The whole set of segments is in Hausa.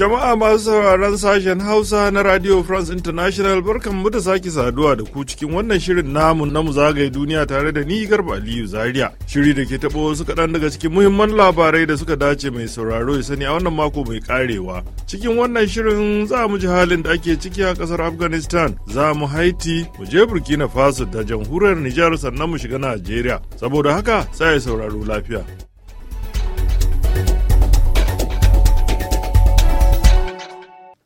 Jama'a masu sauraron sashen Hausa na Radio France International mu da sake saduwa da ku cikin wannan shirin namu na mu zagaye duniya tare da ni Garba Aliyu Zaria. Shiri da ke taɓo wasu kaɗan daga cikin muhimman labarai da suka dace mai sauraro ya sani a wannan mako mai ƙarewa. Cikin wannan shirin za mu ji halin da ake ciki a ƙasar Afghanistan, za mu Haiti, mu je Burkina Faso da jamhuriyar Nijar sannan mu shiga Najeriya. Saboda haka sai sauraro lafiya.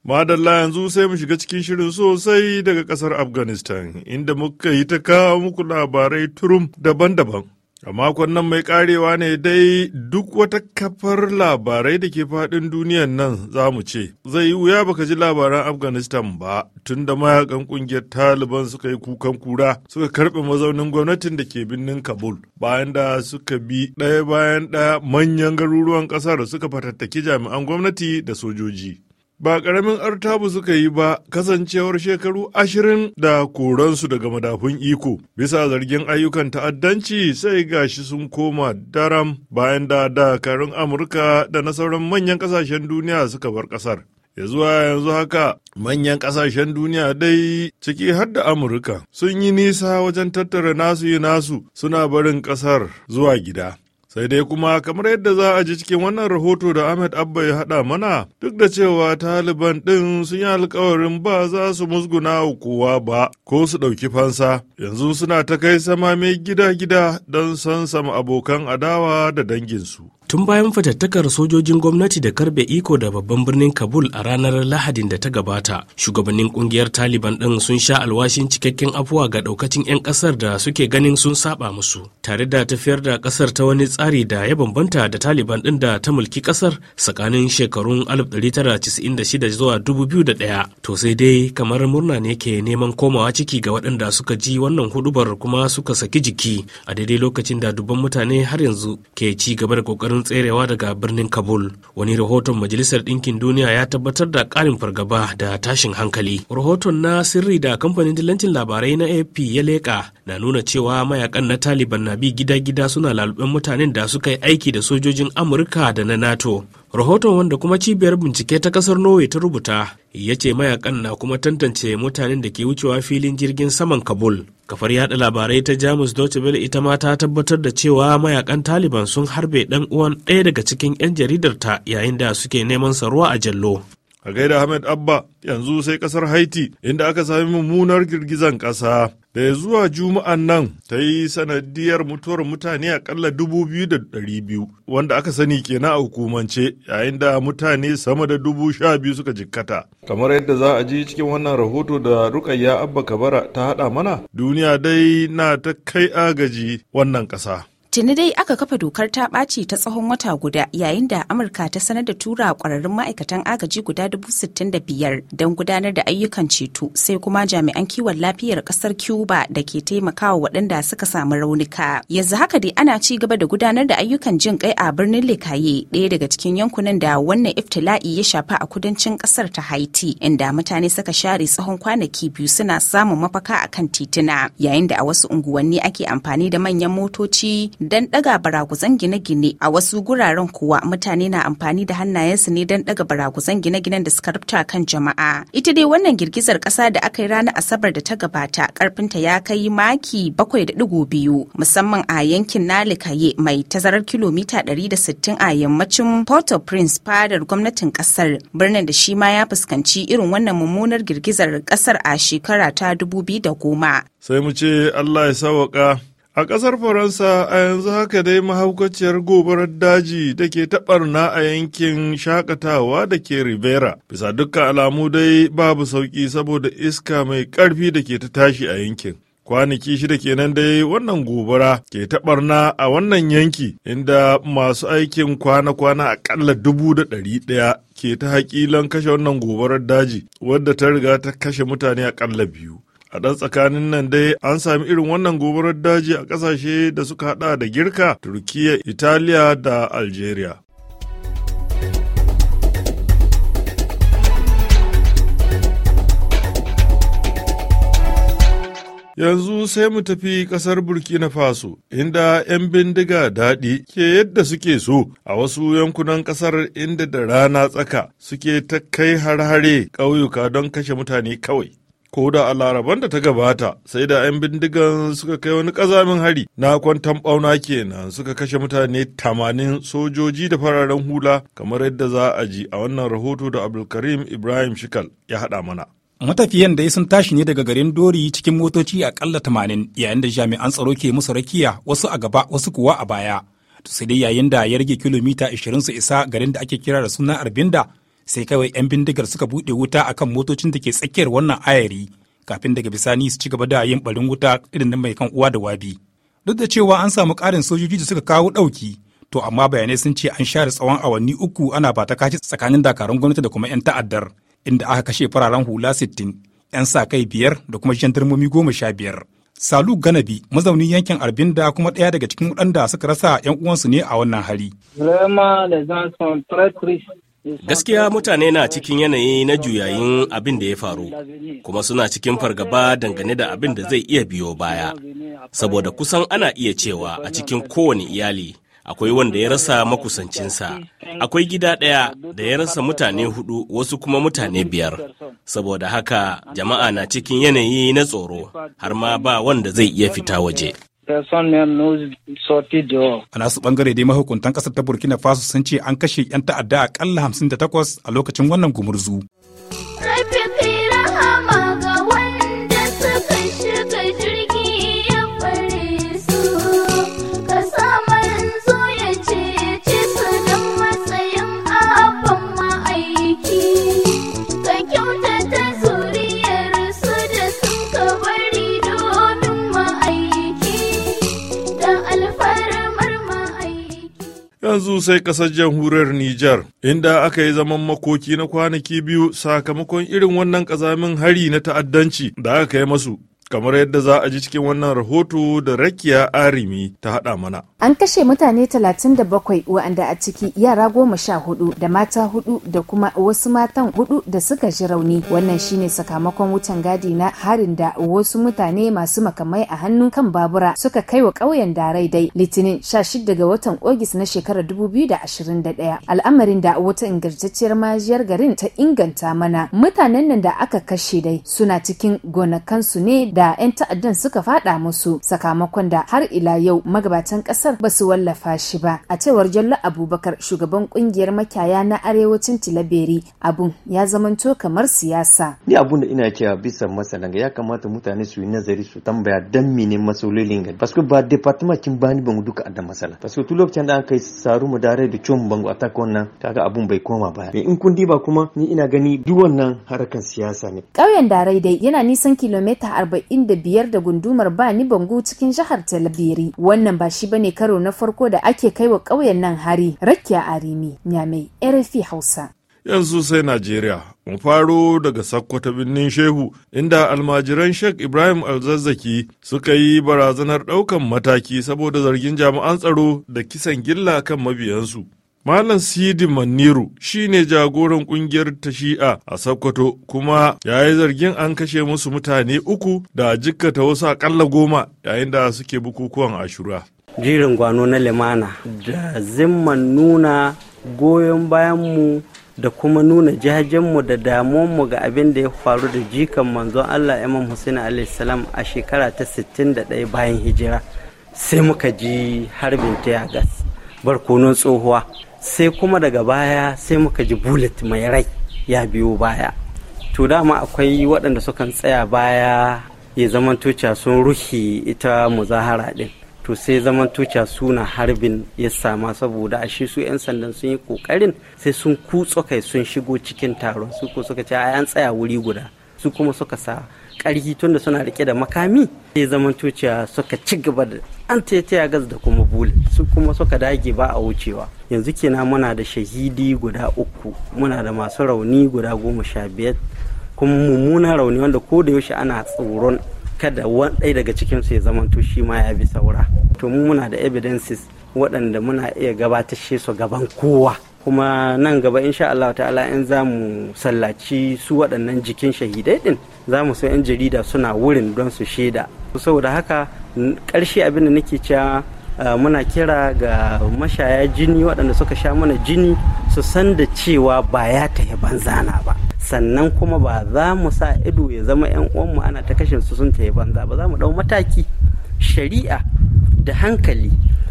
Madalla yanzu sai mu shiga cikin shirin sosai daga ƙasar Afghanistan inda muka yi ta kawo muku labarai turum daban-daban. A makon nan mai karewa ne dai duk wata kafar labarai da ke faɗin duniyan nan za mu ce. Zai yi wuya baka ji labaran Afghanistan ba tun da mayakan ƙungiyar Taliban suka yi kukan kura suka karɓe mazaunin gwamnatin da ke birnin Kabul bayan da suka bi ɗaya bayan ɗaya manyan garuruwan ƙasar suka fatattaki jami'an gwamnati da sojoji. ba ƙaramin artabu suka yi ba kasancewar shekaru ashirin da koransu daga madafun iko bisa zargin ayyukan ta'addanci sai gashi sun koma daram bayan da dakarun amurka da na sauran manyan ƙasashen duniya suka bar ƙasar ya zuwa yanzu haka manyan ƙasashen duniya dai ciki har da amurka sun yi nisa wajen tattara nasu yi nasu suna barin ƙasar zuwa gida Sai dai kuma kamar yadda za a ji cikin wannan rahoto da Ahmed Abba ya haɗa mana duk da cewa Taliban ɗin sun yi alkawarin ba za su musguna wa kowa ba ko su ɗauki fansa. Yanzu suna ta kai sama mai gida-gida don sansama abokan adawa da danginsu. tun bayan fatattakar sojojin gwamnati da karbe iko da babban birnin kabul a ranar lahadin da ta gabata shugabannin kungiyar taliban ɗin sun sha alwashin cikakken afuwa ga ɗaukacin 'yan ƙasar da suke ganin sun saba musu tare da tafiyar da ƙasar ta wani tsari da ya bambanta da taliban ɗin da ta mulki ƙasar tsakanin shekarun 1996 zuwa 2001 to sai dai kamar murna ne ke neman komawa ciki ga waɗanda suka ji wannan hudubar kuma suka saki jiki a daidai lokacin da dubban mutane har yanzu ke ci gaba da ƙoƙarin ƙoƙarin tserewa daga birnin kabul wani rahoton majalisar ɗinkin duniya ya tabbatar da ƙarin fargaba da tashin hankali rahoton na sirri da kamfanin dillancin labarai na AP ya leƙa na nuna cewa mayakan na taliban na bi gida-gida suna lalben mutanen da suka yi aiki da sojojin amurka da na nato rahoton wanda kuma cibiyar bincike ta kasar norway ta rubuta ya ce mayakan na kuma tantance mutanen da ke wucewa filin jirgin saman kabul kafar yada labarai ta jamus deutsche welle ita ma ta tabbatar da cewa mayakan taliban sun harbe dan uwan ɗaya daga cikin 'yan jaridar ta yayin da suke neman sarwa a jallo a gaida Ahmed Abba yanzu sai kasar Haiti inda aka sami mummunar girgizan ƙasa da ya zuwa juma'an nan ta yi sanadiyar mutuwar mutane akalla biyu, wanda aka sani kenan a hukumance yayin da mutane sama da 12,000 suka jikkata kamar yadda za a ji cikin wannan rahoto da rukayya abba kabara ta hada mana duniya dai na ta kai agaji wannan ƙasa. Tuni dai aka kafa dokar ta ɓaci ta tsawon wata guda yayin da Amurka ta sanar da tura ƙwararrun ma'aikatan agaji guda dubu sittin da biyar don gudanar da ayyukan ceto sai kuma jami'an kiwon lafiyar ƙasar Cuba da ke taimakawa waɗanda suka samu raunuka. Yanzu haka dai ana ci gaba da gudanar da ayyukan jin kai a birnin Lekaye ɗaya daga cikin yankunan da wannan iftila'i ya shafa a kudancin ƙasar ta Haiti inda mutane suka share tsawon kwanaki biyu suna samun mafaka akan tituna yayin da a wasu unguwanni ake amfani da manyan motoci don ɗaga baraguzan gine-gine a wasu guraren kuwa mutane na amfani da hannayensu ne don ɗaga baraguzan gine-ginen da suka rubuta kan jama'a ita dai wannan girgizar ƙasa da aka yi ranar asabar da ta gabata ƙarfinta ya kai maki bakwai da ɗigo biyu musamman a yankin nalikaye mai tazarar kilomita ɗari da sittin a yammacin port-au-prince fadar gwamnatin ƙasar birnin da shi ma ya fuskanci irin wannan mummunar girgizar ƙasar a shekara ta 2010 sai mu ce allah ya sawaka A ƙasar Faransa a yanzu haka dai mahaukaciyar gobarar daji da ke taɓarna a yankin shakatawa da ke Rivera. Bisa duka alamu dai babu sauƙi saboda iska mai ƙarfi da ke ta tashi a yankin. Kwanaki shida kenan dai wannan gobara ke taɓarna a wannan yanki inda masu aikin kwana-kwana aƙalla dubu da ɗari ɗaya ke ta haƙilan kashe wannan gobarar daji wadda ta riga ta kashe mutane aƙalla biyu. A ɗan tsakanin nan dai an sami irin wannan gobarar daji a ƙasashe da suka haɗa da Girka, Turkiya, Italiya da Algeria. Yanzu sai mu tafi ƙasar Burkina Faso, inda 'yan bindiga daɗi ke yadda suke so a wasu yankunan ƙasar inda da rana tsaka suke ta kai har-hare ƙauyuka don kashe mutane kawai. ko da a laraban da ta gabata sai da 'yan bindigan suka kai wani kazamin hari na kwantan ɓauna kenan suka kashe mutane 80 sojoji da fararen hula kamar yadda za a ji a wannan rahoto da abdulkarim ibrahim shikal ya haɗa mana matafiyan dai sun tashi ne daga garin dori cikin motoci akalla 80 yayin da jami'an tsaro ke musu rakiya wasu a gaba wasu kuwa a baya sai dai yayin da ya rage kilomita 20 su isa garin da ake kira da suna arbinda sai kawai 'yan bindigar suka buɗe wuta akan motocin da ke tsakiyar wannan ayari kafin daga bisani su ci gaba da yin barin wuta irin na mai kan uwa da wabi duk da cewa an samu ƙarin sojoji da suka kawo ɗauki to amma bayanai sun ce an share tsawon awanni uku ana ba ta kashi tsakanin dakarun gwamnati da kuma 'yan ta'addar inda aka kashe fararen hula sittin 'yan sa kai biyar da kuma jandarmomi goma sha biyar salu ganabi mazaunin yankin arbinda kuma ɗaya daga cikin waɗanda suka rasa 'yan uwansu ne a wannan tristes. Gaskiya mutane na cikin yanayi na juyayin abin da ya faru, kuma suna cikin fargaba dangane da abin da zai iya biyo baya. Saboda kusan ana iya cewa a cikin kowane iyali akwai wanda ya rasa makusancinsa, akwai gida ɗaya da ya rasa mutane hudu wasu kuma mutane biyar. Saboda haka jama'a na cikin yanayi na tsoro, har ma ba wanda zai iya fita waje. A nasu bangare dai mahukuntan kasar ta Burkina Faso sun ce an kashe 'yan ta'adda akalla 58 a lokacin wannan gumurzu. yanzu sai kasar jamhuriyar Nijar, inda aka yi zaman makoki na kwanaki biyu sakamakon irin wannan ƙazamin hari na ta'addanci da aka kai masu, kamar yadda za a ji cikin wannan rahoto da Rakiya Arimi ta haɗa mana. an kashe mutane 37 waɗanda a ciki yara goma sha hudu da mata hudu da kuma wasu matan hudu da suka ji rauni wannan shine sakamakon wutan gadi na harin da wasu mutane masu makamai a hannun kan babura suka kai wa ƙauyen darai dai litinin 16 ga watan ogis na shekarar 2021 al'amarin da wata ingantacciyar majiyar garin ta inganta mana mutanen nan da aka kashe dai suna cikin gonakansu ne da 'yan ta'addan suka fada musu sakamakon da har ila yau magabatan ƙasar kasar ba su wallafa shi ba a cewar jallo abubakar shugaban kungiyar makiyaya na arewacin tilaberi abun ya zamanto kamar siyasa ni abun da ina cewa bisa masana ga ya kamata mutane su yi nazari su tambaya dan mene masololin ga basu ba department kin bani bangu duka da masala basu tun lokacin da an kai saru mu dare da ciwon bangu a takon nan kaga abun bai koma baya in kun ba kuma ni ina gani duk wannan harkan siyasa ne kauyen darai dai yana nisan kilomita arba'in da biyar da gundumar bani bangu cikin jihar talabiri wannan ba shi bane karo na farko da ake kai wa ƙauyen nan hari rakiya arimi nyamai rfi hausa yanzu sai Najeriya. Mu faro daga Sakkwata birnin Shehu, inda almajiran Sheikh Ibrahim Alzazzaki suka yi barazanar ɗaukan mataki saboda zargin jami'an tsaro da kisan gilla kan mabiyansu. Malam Sidi Maniru shi ne jagoran kungiyar ta shi'a a Sokoto kuma ya yi zargin an kashe musu mutane uku da jikkata wasu akalla goma yayin da suke bukukuwan ashura. jirin gwano na limana da zimman nuna goyon bayanmu da kuma nuna jajenmu da damuwanmu ga abin da ya faru da jikan manzon Allah Imam Hussein salam a shekara ta 61 bayan hijira sai muka ji harbin ta gas barkonon tsohuwa sai kuma daga baya sai muka ji bullet mai rai ya biyo baya to dama akwai waɗanda sukan tsaya baya ya tuca sun ruhi ita muzahara din to sai zaman tuca suna harbin ya sama saboda a shi su 'yan sandan sun yi kokarin sai sun kutso kai sun shigo cikin taron su ko suka ce an tsaya wuri guda su kuma suka sa karhi tunda suna rike da makami sai zaman tuca suka ci gaba da an taya gas da kuma bullet su kuma suka dage ba a wucewa yanzu kenan muna da shahidi guda uku muna da masu rauni guda goma sha biyar kuma mummunan rauni wanda ko da yaushe ana tsoron kada wani daga cikin su ya to shi ma ya bi saura to mu muna da evidences waɗanda muna iya gabatar su gaban kowa kuma nan gaba insha Allah ta'ala in za mu sallaci su waɗannan jikin shahidai din za mu so 'yan jarida suna wurin don su shaida saboda haka ƙarshe abin da nake cewa muna kira ga mashaya jini waɗanda suka sha mana jini su san da cewa ba ya banza banzana ba sannan kuma ba za mu sa ido ya zama 'yan uwanmu ana ta kashe su sun tafi banza ba za mu dau mataki shari'a da hankali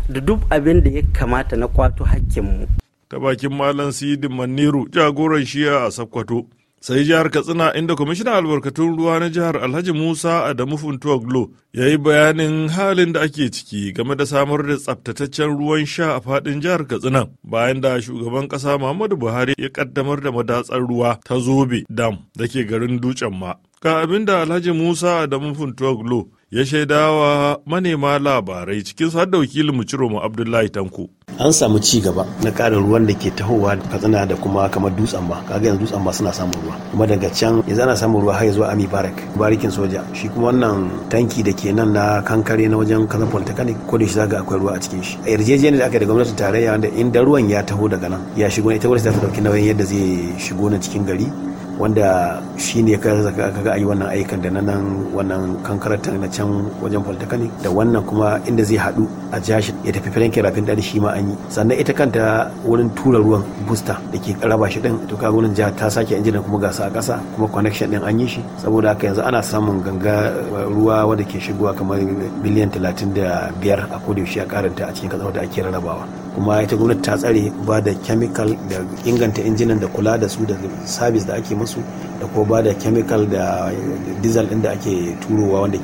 da duk abin da ya kamata na kwato hakkinmu. ta bakin malam sidi maniru jagoran shiya a sakkwato sai jihar katsina inda kwamishinan albarkatun ruwa na jihar alhaji musa adamu funtuwa glo ya yi bayanin halin da ake ciki game da samar da tsabtataccen ruwan sha a fadin jihar katsina bayan da shugaban kasa muhammadu buhari ya kaddamar da madatsar ruwa ta zobe dam da ke garin dutsen ma ga abin da alhaji musa adamu funtuwa glo ya shaidawa manema labarai cikin har da wakilin mu ciro mu Abdullahi Tanko. An samu ci gaba na ƙarin ruwan da ke tahowa katsina da kuma kamar dutsen ba kaga yanzu dutsen ba suna samun ruwa kuma daga can yanzu ana samun ruwa har zuwa Ami Barak barikin soja shi kuma wannan tanki da ke nan na kankare na wajen Kazan Polytechnic ko da shi zaga akwai ruwa a cikin shi. A yarjejeniyar da aka da gwamnatin tarayya wanda inda ruwan ya taho daga nan ya shigo ne ita gwamnati ta dauki nauyin yadda zai shigo na cikin gari wanda shi ne kaga ga ayi wannan aikan da nan wannan ta na can wajen polytechnic da wannan kuma inda zai haɗu a jashi ya tafi filin kirafin da shi ma an yi sannan ita kanta wurin tura ruwan booster da ke raba shi din to kaga wurin jiha ta sake injin kuma gasa a kasa kuma connection ɗin an yi shi saboda haka yanzu ana samun ganga eh, ruwa wanda ke shigowa kamar biliyan talatin da biyar a kodayaushe a karanta a cikin kasar da ake rarrabawa kuma ita gwamnati ta tsare ba da chemical da inganta injinan da kula da su da sabis da ake musu da kuma ba da chemical da diesel din da ake turowa wanda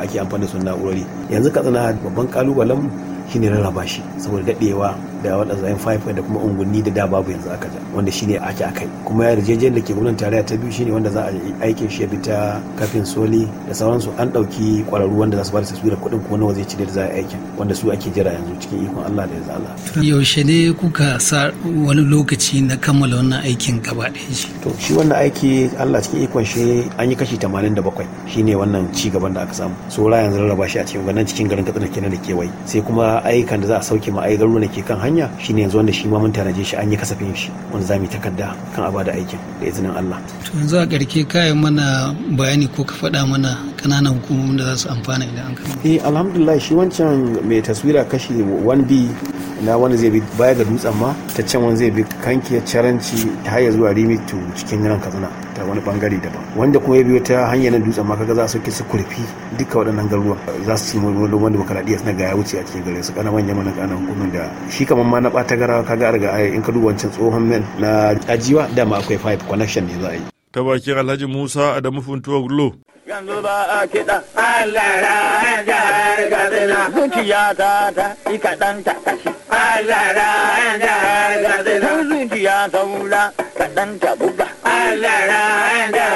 ake amfani da su na'urori yanzu katsina babban kalubalen shine rarraba shi saboda daɗewa. da waɗannan faifai da kuma unguwanni da da babu yanzu aka ja wanda shine ake akai kuma rijejen da ke wurin tarayya ta biyu shine wanda za a yi aikin shi ta kafin soli da sauransu an ɗauki kwararru wanda za su ba da taswirar kuɗin ko nawa zai ci da za a aikin wanda su ake jira yanzu cikin ikon Allah da ya zala Yaushe ne kuka sa wani lokaci na kammala wannan aikin gaba ɗaya shi? To shi wannan aiki Allah cikin ikon shi an yi kashi 87 shine wannan ci gaban da aka samu. Sora yanzu rarraba shi a cikin ganin cikin garin Katsina kenan da kewaye sai kuma ayyukan da za a sauke ma ayyukan da ke kan hanya hanya shine yanzu wanda shi ma mun tanaje shi an yi kasafin shi wanda za mu yi takarda kan a bada aikin da izinin Allah. To yanzu a ƙarke kayi mana bayani ko ka faɗa mana ƙananan hukumomin da za su amfana idan an kama. Eh alhamdulillah shi wancan mai taswira kashi 1B na wani zai bi baya ga dutsen ma ta can wani zai bi kanki caranci ta haya zuwa rimitu cikin nan katsina ta wani bangare daban wanda kuma ya biyo ta hanyar nan dutsen maka za su su kurfi duka waɗannan garuruwan za su ci wani demokaradiyya na gaya wuce a cikin gare su kana manya mana kana hukumin da shi kamar ma na ɓata gara kaga arga in ka duba wancan tsohon men na ajiwa dama akwai five connection ne za a yi ta alhaji musa adamu funtuwa gulo. yanzu ba a kiɗa allah ra jihar katsina zuciya ta ta ikaɗanta kashi allah ra jihar katsina ya saula kaɗan ta buga. Allah da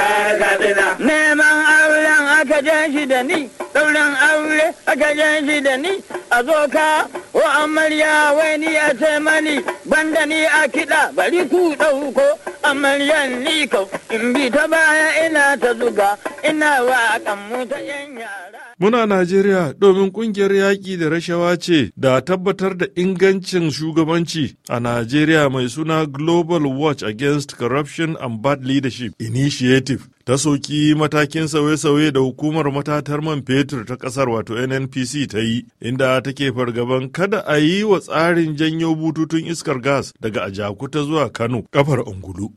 kabila. Neman auren aka je shi da ni, ɗaurin aure aka je shi da ni, a zo ka wa amarya wai ni a ce mani banda ni a kiɗa bari ku ɗauko amarya ni kau in bi ta baya ina ta zuga ina wa kan ta yan yara. Muna Najeriya domin kungiyar yaƙi da rashawa ce da tabbatar da ingancin shugabanci a Najeriya mai suna Global Watch Against Corruption and Bad Leadership Initiative. ta soki matakin sauye-sauye da hukumar matatar man fetur ta ƙasar wato nnpc ta yi inda take fargaban kada a yi wa tsarin janyo bututun iskar gas daga ajakuta zuwa kano kafar ungulu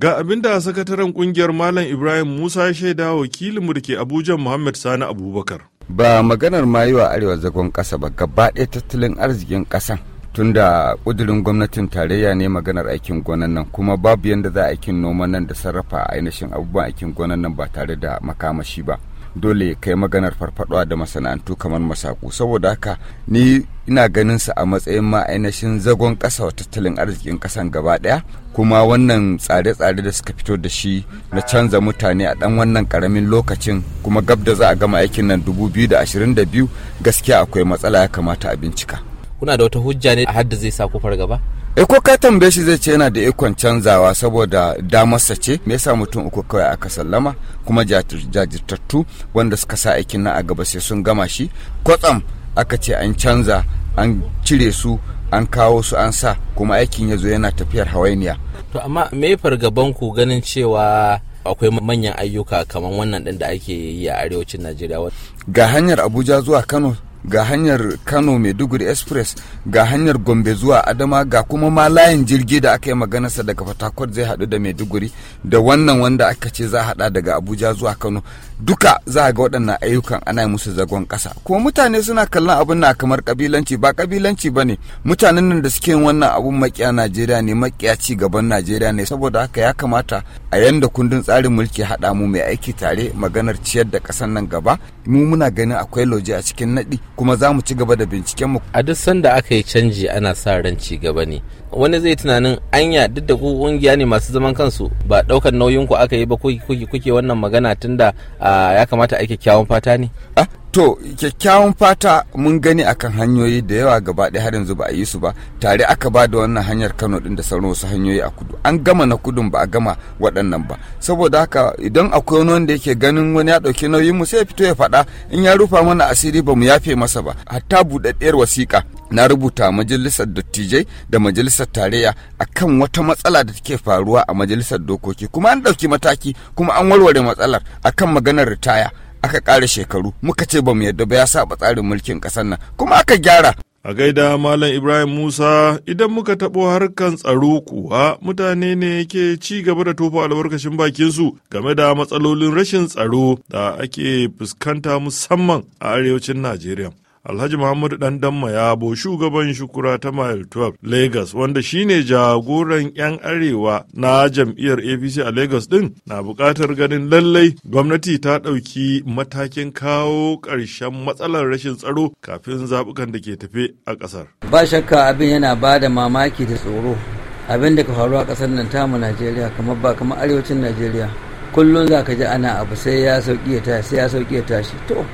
ga abin da sakataren kungiyar malam ibrahim musa shaida wakilinmu da ke abuja muhammad sani abubakar ba maganar ma yi wa arewa zagon ƙasa ba gaba ɗaya tattalin arzikin tun tunda ƙudurin gwamnatin tarayya ne maganar aikin gonan nan kuma babu yadda za a aikin noman nan da sarrafa ainihin abubuwan aikin gonan nan ba tare da makamashi ba dole kai maganar farfadowa da masana'antu kamar masaku saboda haka ni ina ganin sa a matsayin ma ainihin zagon kasa wa tattalin arzikin kasan gaba ɗaya kuma wannan tsare-tsare da suka fito da shi na canza mutane a ɗan wannan karamin lokacin kuma gab da za a gama aikin nan dubu da ashirin biyu gaskiya akwai matsala ya kamata a bincika kuna da wata hujja ne a hadda zai sa ku fargaba Eko ka tambaye shi zai ce yana da ikon canzawa saboda damarsa ce me yasa mutum uku kawai aka sallama kuma jajirtattu wanda suka sa aikin na a gaba sai sun gama shi kwatsam aka ce an canza an cire su an kawo su an sa kuma aikin ya zo yana tafiyar hawainiya. To amma me fargaban ku ganin cewa akwai manyan ayyuka kamar wannan ɗin da ake yi a arewacin Najeriya. Ga hanyar Abuja zuwa Kano ga hanyar kano maiduguri express ga hanyar gombe zuwa adama ga kuma ma layin jirgi da aka yi maganarsa daga fatakwal zai haɗu da maiduguri da wannan wanda aka ce za a haɗa daga abuja zuwa kano duka za a ga waɗannan ayyukan ana musu zagon ƙasa kuma mutane suna kallon abin na kamar ƙabilanci ba ƙabilanci ba ne mutanen nan da suke wannan abun maƙiya najeriya ne maƙiya ci gaban najeriya ne saboda haka ya kamata a yanda kundin tsarin mulki haɗa mu mai aiki tare maganar ciyar da ƙasan nan gaba mu muna ganin akwai lauje a cikin naɗi kuma za mu ci gaba da binciken mu. A duk sanda aka yi canji ana sa ran ci gaba ne. Wani zai tunanin anya duk da kungiya ne masu zaman kansu ba ɗaukar nauyin ku aka yi ba kuke wannan magana tunda ah, ya kamata ake kyawun fata ne. Ah, to kyakkyawan fata mun gani akan hanyoyi da yawa gaba ɗaya har yanzu ba a yi su ba tare aka ba da wannan hanyar kano ɗin da sauran wasu hanyoyi a kudu an gama na kudun ba a gama waɗannan ba saboda haka idan akwai wani wanda yake ganin wani ya ɗauki nauyin mu sai ya fito ya faɗa in ya rufa mana asiri ba mu yafe masa ba hatta buɗaɗɗiyar wasiƙa na rubuta majalisar dattijai da majalisar tarayya akan wata matsala da take faruwa a majalisar dokoki kuma an ɗauki mataki kuma an warware matsalar akan maganar ritaya aka ƙara shekaru muka ce ba mu yadda ba ya saba tsarin mulkin ƙasar nan kuma aka gyara a gaida malam ibrahim musa idan muka taɓo harkan tsaro kuwa mutane ne ke ci gaba da tofa albarkacin bakinsu game da matsalolin rashin tsaro da ake fuskanta musamman a arewacin najeriya Alhaji Muhammadu Dan Damma Yabo shugaban shukura ta Mile 12 Lagos wanda shine jagoran 'yan arewa na jam'iyyar APC a Lagos din na buƙatar ganin lallai gwamnati ta ɗauki matakin kawo ƙarshen matsalar rashin tsaro kafin zaɓukan da ke tafe a ƙasar. Ba shakka abin yana ba da mamaki da tsoro abin da ka faru a ƙasar nan tamu Najeriya kamar ba kamar arewacin Najeriya kullum za ka ji ana abu sai ya sauƙi ya tashi sai ya sauƙi ya tashi to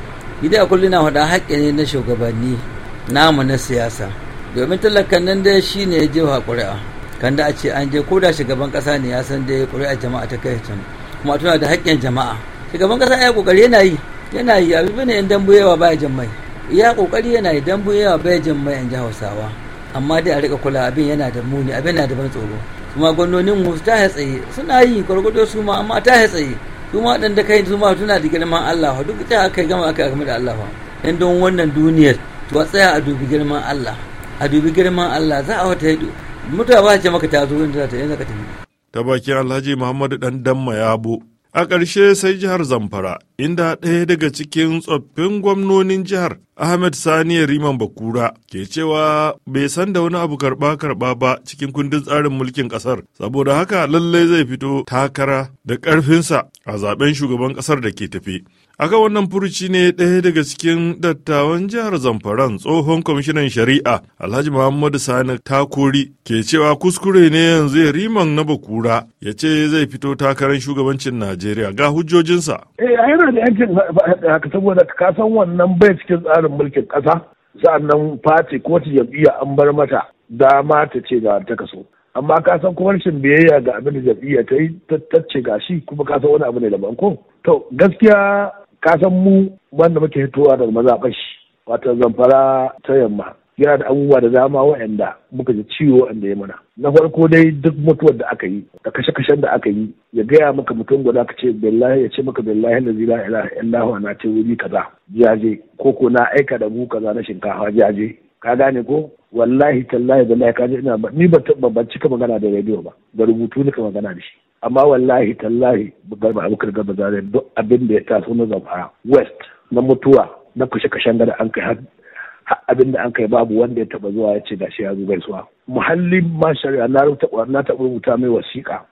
gida kullum na faɗa haƙƙi ne na shugabanni namu na siyasa domin talakan nan dai shi ne ya je wa ƙuri'a kan da a ce an je koda shugaban ƙasa ne ya san dai ƙuri'a jama'a ta kai can kuma tuna da haƙƙin jama'a shugaban ƙasa ya ƙoƙari yana yi yana yi abu bane in dambu yawa baya jin mai iya ƙoƙari yana yi dambu yawa baya jin mai in ji hausawa amma dai a riƙa kula abin yana da muni abin yana da ban tsoro kuma gwamnonin mu ta tsaye suna yi gwargwado su ma amma ta tsaye su ma waɗanda kai su ma tuna da girman Allah wa duk ta aka gama aka gama da Allah wa dan don wannan duniyar to a tsaya a dubi girman Allah a dubi girman Allah za a wata hidu ba ce maka ta zo inda za ta yi ka tafi ta bakin Alhaji Muhammadu dan Damma Yabo A ƙarshe sai jihar Zamfara, inda ɗaya daga cikin tsoffin gwamnonin jihar Ahmed Sani Riman Bakura ke cewa bai san da wani abu karɓa-karɓa ba cikin kundin tsarin mulkin ƙasar, saboda haka lallai zai fito takara da ƙarfinsa a zaɓen shugaban ƙasar da ke tafi. Aka wannan furuci ne ɗaya daga cikin dattawan jihar Zamfaran tsohon kwamishinan shari'a Alhaji Muhammadu Sani Takuri ke cewa kuskure ne yanzu ya riman na bakura ya ce zai fito takarar shugabancin Najeriya ga hujjojinsa. Eh yana da yankin haka saboda ka san wannan bai cikin tsarin mulkin ƙasa sa'annan fati ko ta jam'iyya an bar mata dama ta ce ga ta kaso. amma ka san kuma rashin biyayya ga abin da jam'iyya ta yi ta ga shi kuma ka san wani abu ne daban ko to gaskiya kasan mu wanda muke fitowa daga maza bashi wato zamfara ta yamma yana da abubuwa da dama wa'anda muka ji ciwo waanda ya mana na farko dai duk mutuwar da aka yi da kashe kashen da aka yi ya gaya maka mutum guda ka ce billahi ya ce maka billahi la zila ilaha illahu na ce wuri kaza jaje ko ko na aika da mu kaza na shinkafa jaje ka gane ko wallahi tallahi billahi ka ina ni ba ban cika magana da rediyo ba da rubutu ni ka magana da shi amma wallahi tallahi ba abubakar gaba zare duk abin da ya taso na zamfara west na mutuwa na kashe-kashen gada an kai abin da an kai babu wanda ya taba zuwa ya ce da shi ya zo gaisuwa muhallin ma shari'a na rubuta na taba rubuta mai wasiƙa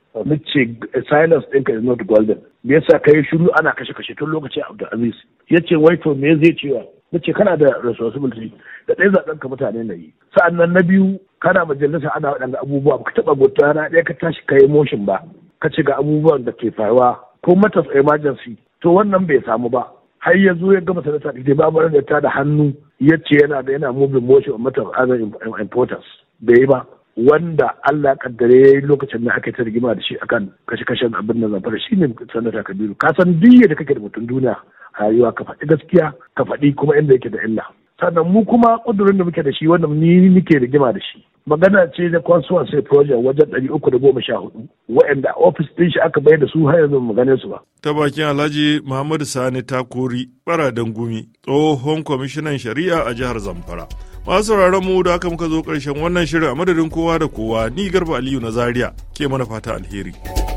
ce silence ɗinka is not golden me yasa yi shiru ana kashe-kashe tun lokacin Abdulaziz ya ce wai to me zai cewa ce kana da responsibility da ɗaya zaɓen ka mutane na yi sa'annan na biyu kana majalisa ana waɗanda abubuwa ba ka taɓa gota na ɗaya ka tashi ka yi motion ba ka ci ga abubuwan da ke faruwa ko matas emergency to wannan bai samu ba har ya zo ya gama sanata da babu da ta da hannu ya ce yana da yana moving motion a matter other importance bai yi ba wanda Allah kaddare ya yi lokacin da aka ta rigima da shi akan kashe-kashen abin da zafar shi ne sanata kabiru ka san duk da kake da mutum duniya a rayuwa ka faɗi gaskiya ka faɗi kuma inda yake da illa sannan mu kuma kudurin da muke da shi wanda ni nike rigima da shi magana ce na kwansuwa sai project wajen ɗari uku da goma sha hudu waɗanda ofis ɗin shi aka bayar da su har yanzu magane su ba. ta bakin alhaji muhammadu sani ta kori baradan gumi tsohon kwamishinan shari'a a jihar zamfara masu sauraron mu da aka muka zo ƙarshen wannan shirin a madadin kowa da kowa ni garba aliyu na zaria ke mana fata alheri.